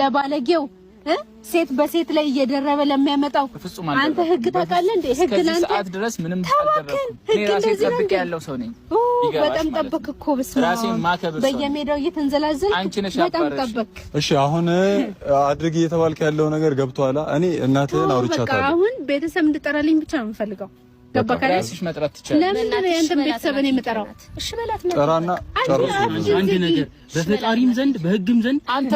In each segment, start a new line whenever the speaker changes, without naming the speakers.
ለባለጌው ሴት በሴት ላይ እየደረበ ለሚያመጣው አንተ ህግ ታውቃለህ እንዴ? ህግ ለአንተ
ሰዓት ድረስ ምንም ህግ እንደዚህ ነው ጠብቅ ያለው ሰው ነኝ።
በጣም ጠበክ እኮ ብስማ፣ በየሜዳው እየተንዘላዘል በጣም ጠበክ።
እሺ አሁን አድርግ እየተባልክ ያለው ነገር ገብቷላ። እኔ እናትህን አውርቻታለሁ።
አሁን ቤተሰብ እንድጠራልኝ ብቻ ነው የምፈልገው።
ገባከራስሽ መጥራት
ትችላለህ። ለምን ያንተን ቤተሰብ እኔ የምጠራው? እሺ በላት
መጥራት። ጠራና ጨርሱ።
አንድ ነገር በፈጣሪም ዘንድ በህግም ዘንድ አንተ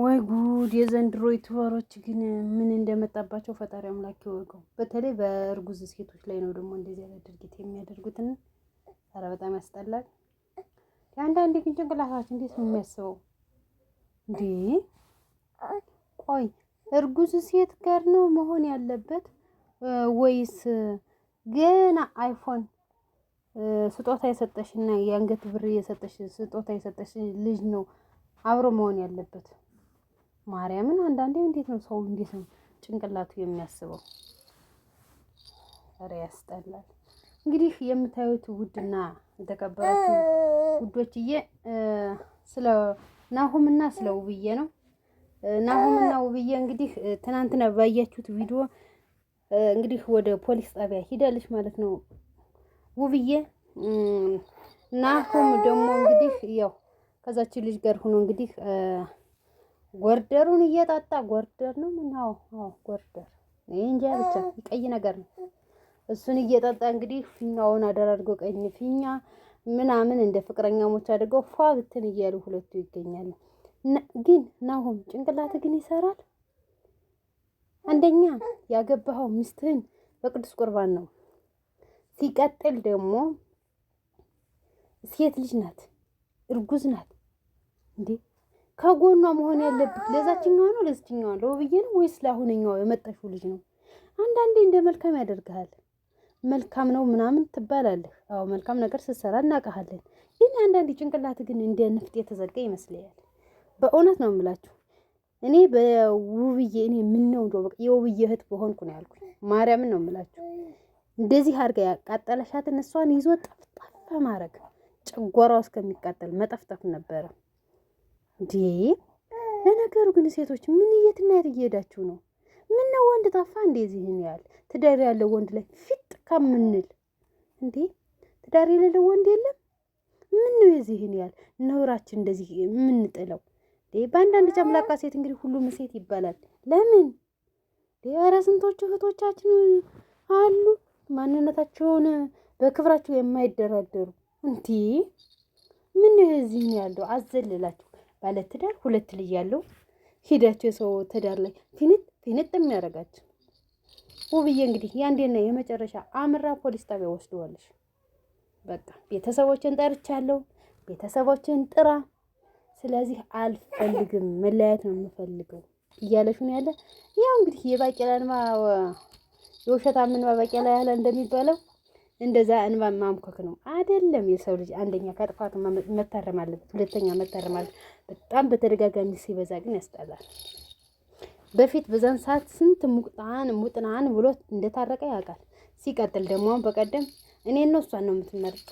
ወይ ጉድ! የዘንድሮ ዩቱበሮች ግን ምን እንደመጣባቸው ፈጣሪ አምላክ ይወቀው። በተለይ በእርጉዝ ሴቶች ላይ ነው ደግሞ እንደዚህ አይነት ድርጊት የሚያደርጉትን። ኧረ በጣም ያስጠላል። አንዳንዴ ግን ጭንቅላታችን እንዴት ነው የሚያስበው እንዴ? ቆይ እርጉዝ ሴት ጋር ነው መሆን ያለበት ወይስ ገና አይፎን ስጦታ የሰጠሽና የአንገት ብር የሰጠሽ ስጦታ የሰጠሽ ልጅ ነው አብሮ መሆን ያለበት? ማርያምን አንዳንዴ እንዴት ነው ሰው እንዴት ነው ጭንቅላቱ የሚያስበው? ኧረ ያስጠላል። እንግዲህ የምታዩት ውድና የተከበራችሁ ውዶችዬ ስለ ናሁምና ስለ ውብዬ ነው። ናሁምና ውብዬ እንግዲህ ትናንትና ባያችሁት ቪዲዮ እንግዲህ ወደ ፖሊስ ጣቢያ ሂዳለች ማለት ነው ውብዬ። ናሁም ደግሞ እንግዲህ ያው ከዛችን ልጅ ጋር ሆኖ እንግዲህ ጎርደሩን እየጣጣ ጎርደር ነው ምን? አዎ አዎ፣ ጎርደር እንጃ ብቻ ቀይ ነገር ነው። እሱን እየጠጣ እንግዲህ ፊኛውን አደራርገው ቀኝ ፊኛ ምናምን እንደ ፍቅረኛሞች አድርገው ፏ ብትን እያሉ ሁለቱ ይገኛሉ። ግን ናሆም ጭንቅላት ግን ይሰራል። አንደኛ ያገባኸው ሚስትህን በቅዱስ ቁርባን ነው። ሲቀጥል ደግሞ ሴት ልጅ ናት፣ እርጉዝ ናት እንዴ ከጎኗ መሆን ያለብህ ለዛችኛዋ ነው ለዚችኛዋ ለውብዬ ነው ወይስ ለአሁነኛው የመጣሽው ልጅ ነው? አንዳንዴ እንደ መልካም ያደርግሃል። መልካም ነው ምናምን ትባላለህ። አዎ መልካም ነገር ስትሰራ እናውቃሃለን። ግን አንዳንዴ ጭንቅላት ግን እንደ ንፍጥ የተዘጋ ይመስለኛል። በእውነት ነው የምላችሁ እኔ በውብዬ እኔ ምነው እንደው በቃ የውብዬ እህት በሆንኩ ነው ያልኩኝ። ማርያምን ነው የምላችሁ እንደዚህ አድርጋ ያቃጠለሻትን እሷን ይዞ ጠፍጣፋ ማድረግ ጨጓራው እስከሚቃጠል መጠፍጠፍ ነበረው። እንዴ ለነገሩ ግን ሴቶች ምን የትና የት እየሄዳችሁ ነው? ምን ነው ወንድ ጠፋ? እንደዚህን ያህል ትዳር ያለው ወንድ ላይ ፊጥ ከምንል እንዴ ትዳር የሌለው ወንድ የለም። ምን ነው የዚህን ያህል ነውራችን እንደዚህ የምንጥለው? በአንዳንድ ጨምላቃ ሴት እንግዲህ ሁሉም ሴት ይባላል። ለምን ኧረ ስንቶቹ እህቶቻችን አሉ ማንነታቸውን በክብራቸው የማይደራደሩ እንዴ ምን ነው የዚህን ያለው አዘልላችሁ ባለትዳር ሁለት ልጅ ያለው ሂደት የሰው ትዳር ላይ ፊንጥ ፊንጥ የሚያደርጋችሁ ውብዬ እንግዲህ የአንዴና የመጨረሻ አምራ ፖሊስ ጣቢያ ወስደዋለሽ። በቃ ቤተሰቦችን ጠርቻለሁ፣ ቤተሰቦችን ጥራ። ስለዚህ አልፈልግም፣ መለያየት ነው የምፈልገው እያለሽ ነው ያለ። ያው እንግዲህ የባቄላንማ ምን ባቄላ ያለ እንደሚባለው እንደዛ እንባ ማምኮክ ነው አይደለም። የሰው ልጅ አንደኛ ከጥፋቱ መታረም አለበት፣ ሁለተኛ መታረም አለበት። በጣም በተደጋጋሚ ሲበዛ ግን ያስጠላል። በፊት በዛን ሰዓት ስንት ሙቅጣን ሙጥናን ብሎ እንደታረቀ ያውቃል። ሲቀጥል ደግሞ በቀደም እኔ ነው እሷን ነው የምትመርጥ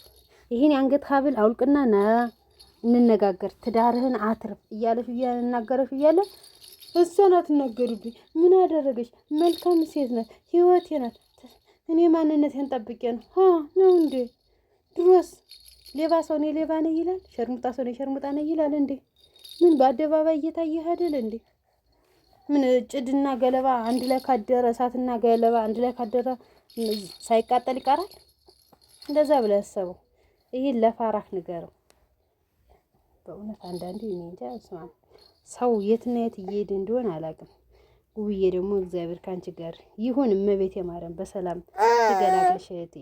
ይህን የአንገት ሀብል አውልቅና ና እንነጋገር፣ ትዳርህን አትርፍ እያለሽ እያለ እናገረሽ እያለ እሷን አትናገሩብኝ። ምን አደረገች? መልካም ሴት ናት፣ ህይወቴ ናት እኔ ማንነቴን ጠብቄ ነው ሆ ነው እንዴ? ድሮስ ሌባ ሰው እኔ ሌባ ነኝ ይላል፣ ሸርሙጣ ሰው እኔ ሸርሙጣ ነኝ ይላል። እንዴ ምን በአደባባይ እየታየ አይደል እንዴ? ምን ጭድና ገለባ አንድ ላይ ካደረ እሳትና ገለባ አንድ ላይ ካደረ ሳይቃጠል ይቀራል? እንደዛ ብለህ አሰበው። ይህን ለፋራህ ንገረው። በእውነት አንዳንዴ እኔ እንጃ ሰው የትና የት እየሄደ እንደሆነ አላውቅም። ውብዬ ደግሞ እግዚአብሔር ከአንቺ ጋር ይሁን። እመቤት የማርያም በሰላም ትገላገልሽ እህቴ።